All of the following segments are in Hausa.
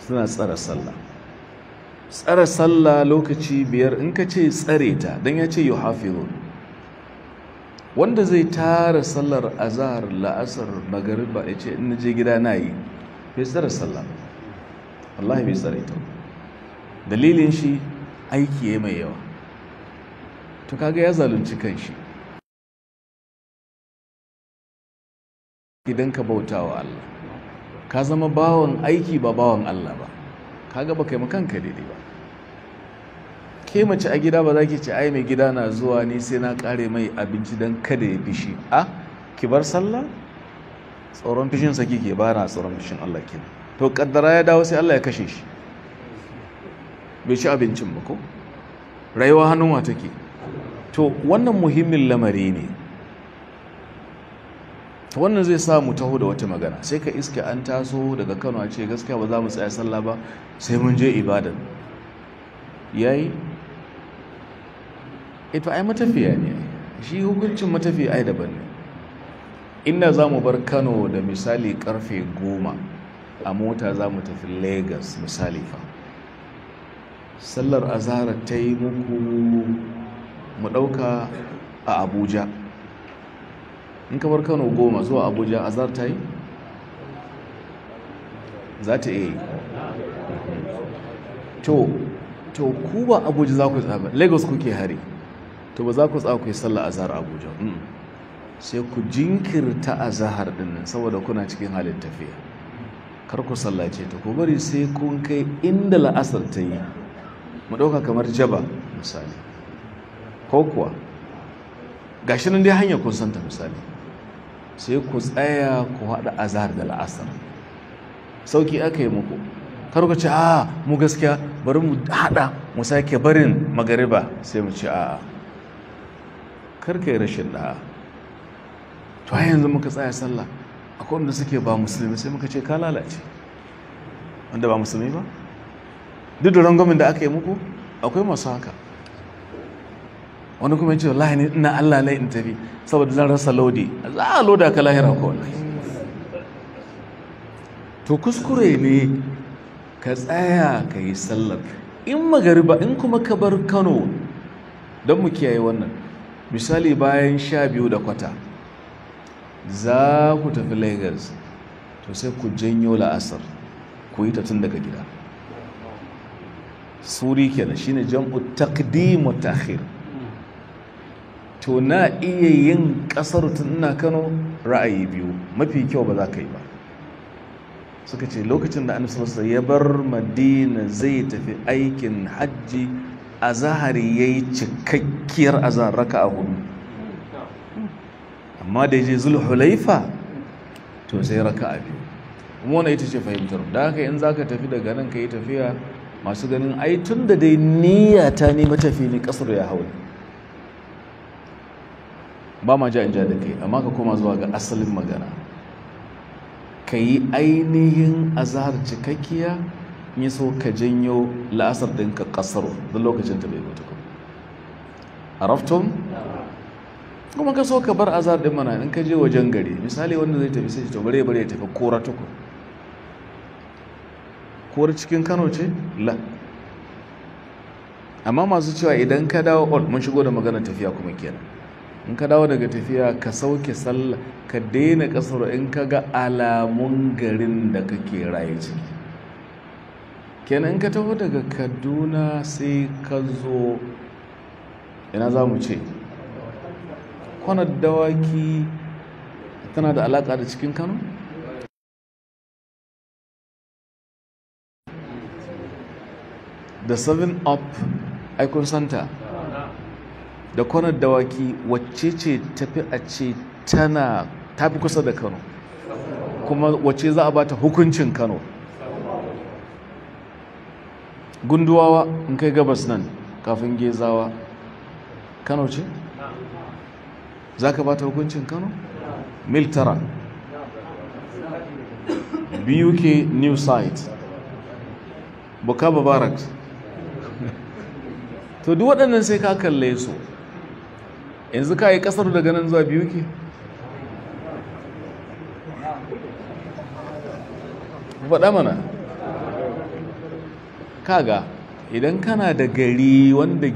suna tsara sallah tsara sallah lokaci biyar in ka ce tsare ta don ya ce yau wanda zai tara sallar azahar la'asar ba ya ce in je gida na yi bai tsara sallah Allah bai tsare ta dalilin shi aiki ya mai yawa to kaga ya zalunci kan shi idan ka bauta wa Allah ka zama bawan aiki ba bawan Allah ba ka gaba kai makanka daidai ba ke mace a gida ba za ki ce ai mai gida na zuwa ne sai na kare mai abinci don kada ya fishi a ki bar sallah tsoron fishin sa kike ba na tsoron fishin Allah kenan to kaddara ya dawo sai Allah ya kashe shi bai ci abincin ba ko rayuwa hannun wa take to wannan muhimmin lamari ne to wannan zai sa mu taho da wata magana sai ka iske an taso daga kano a ce gaskiya ba za mu tsaya sallah ba sai mun je ibadan yayi ita eh ai matafiya ne shi hukuncin matafiya ai daban ne inda za mu bar kano da misali karfe goma a mota za mu tafi lagos misali fa sallar azara ta yi muku mu ɗauka a abuja in ka kano goma zuwa abuja a zarta yi za ta iya yi to ku ba abuja za ku tsaba lagos kuke hari to ba za ku tsaba ku yi sallah zar abuja mm. sai ku jinkirta zahar din nan saboda kuna cikin halin tafiya kar ku sallace ta ku bari sai kun kai inda la'asar ta yi mu ɗauka kamar jaba misali ko kuwa gashi nan dai hanyar kun santa misali sai ku tsaya ku haɗa azhar da la'asar sauki aka yi muku kar ku ce a mu gaskiya bari mu haɗa mu sake barin magariba sai mu ce a kar ka yi rashin ɗa'a to a yanzu muka tsaya sallah a wanda suke ba musulmi sai muka ce ka lalace wanda ba musulmi ba duk da rangwamin da aka yi muku akwai masu haka wani kuma ya ce wallahi na Allah lai in tafi saboda zan rasa lodi za a loda ka lahira ko wallahi to kuskure ne ka tsaya ka yi sallar in magariba in kuma ka bar Kano don mu kiyaye wannan misali bayan sha biyu da kwata za ku tafi Lagos to sai ku janyo la'asar ku yi ta tun daga gida suri kenan shine jam'u taqdim ta'khir to na iya yin ƙasar tun ina kano ra'ayi biyu mafi kyau ba za ka yi ba suka ce lokacin da annabi ya bar madina zai tafi aikin hajji a zahari ya yi cikakkiyar azahar a hudu amma da ya je zulhulaifa to sai raka a biyu wani ita ce fahimtar da haka in za ka tafi daga nan ka yi tafiya masu ganin ai tun da dai niyata ne matafi ne kasar ya hauli ba ma ja in ja da kai amma ka koma zuwa ga asalin magana ka yi ainihin azahar cikakkiya ya so ka janyo la'asar ɗinka ƙasaro da lokacin ta bai mutu a raftun kuma ka so ka bar azahar ɗin mana in ka je wajen gari misali wanda zai tafi sai to bare bare ya tafi kora tuku kora cikin kano ce la amma masu cewa idan ka dawo on oh, mun shigo da maganar tafiya kuma kenan in ka dawo daga tafiya ka sauke sallah ka daina kasar in ka ga alamun garin da kake raye ciki kenan in ka taho daga kaduna sai ka zo ina za mu ce kwanar dawaki tana da alaka da cikin kano The Seven up icon center da kwanar dawaki wacce ce tafi a ce tana tafi kusa da kano kuma wacce za a ba ta hukuncin kano gunduwawa in kai gabas nan kafin gezawa kano ce za ka ba ta hukuncin kano mil tara buk new site bukaba barat to duk waɗannan sai ka kalle su yanzu ka yi kasar daga nan zuwa biyu ke faɗa mana kaga idan kana da gari wanda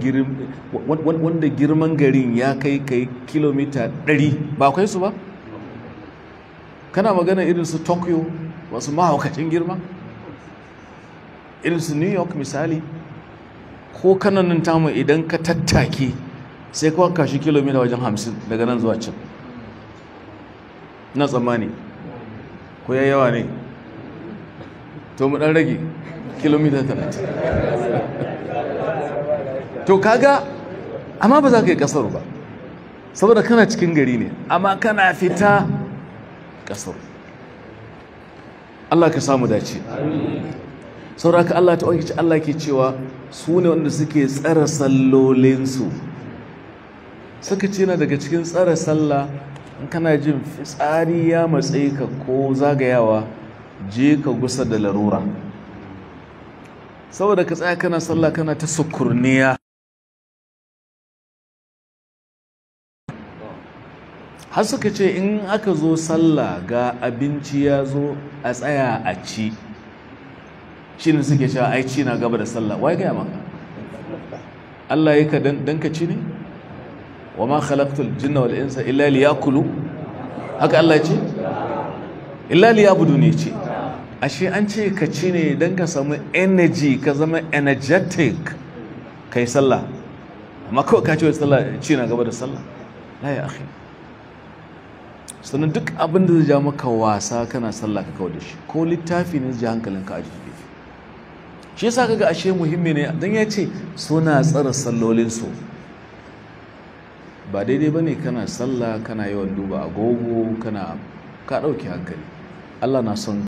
girman garin ya kai kai kilomita 100 ba kai su ba kana magana irin su tokyo wasu mahaukacin girma irin su new york misali ko kananan tamu idan ka tattake sai kawai kashi kilomita wajen hamsin daga nan zuwa can na tsammani ko ya yawa ne to mu dan rage kilomita talatin to kaga amma ba za ka yi kasar ba saboda kana cikin gari ne amma kana fita kasar Allah ka samu dace sauraka Allah ta wanke Allah ke cewa su ne wanda suke tsara sallolinsu sakaci na daga cikin tsara sallah in kana jin fitsari ya matsayi ka ko zagayawa je ka gusa da larura saboda ka tsaya kana sallah kana ta sukurniya har suka ce in aka zo sallah ga abinci ya zo a tsaya a ci shi ne suke cewa aici na gaba da sallah wai gaya maka Allah ya ka dan ci ne wa ma khalaqtul jinna wal insa illa liyakulu haka Allah ya ce illa liyabudu ne ce ashe an ce ka ci ne don ka samu energy ka zama energetic kai sallah amma kawai ka ce wa sallah ci na gaba da sallah la ya akhi sannan duk abin da zai ja maka wasa kana sallah ka kawai da shi ko littafi ne zai ja hankalin ka aji shi yasa kaga ashe muhimmi ne dan ya ce suna tsara sallolinsu ba daidai ba ne kana sallah kana yawan duba agogo kana ka ɗauki hankali allah na son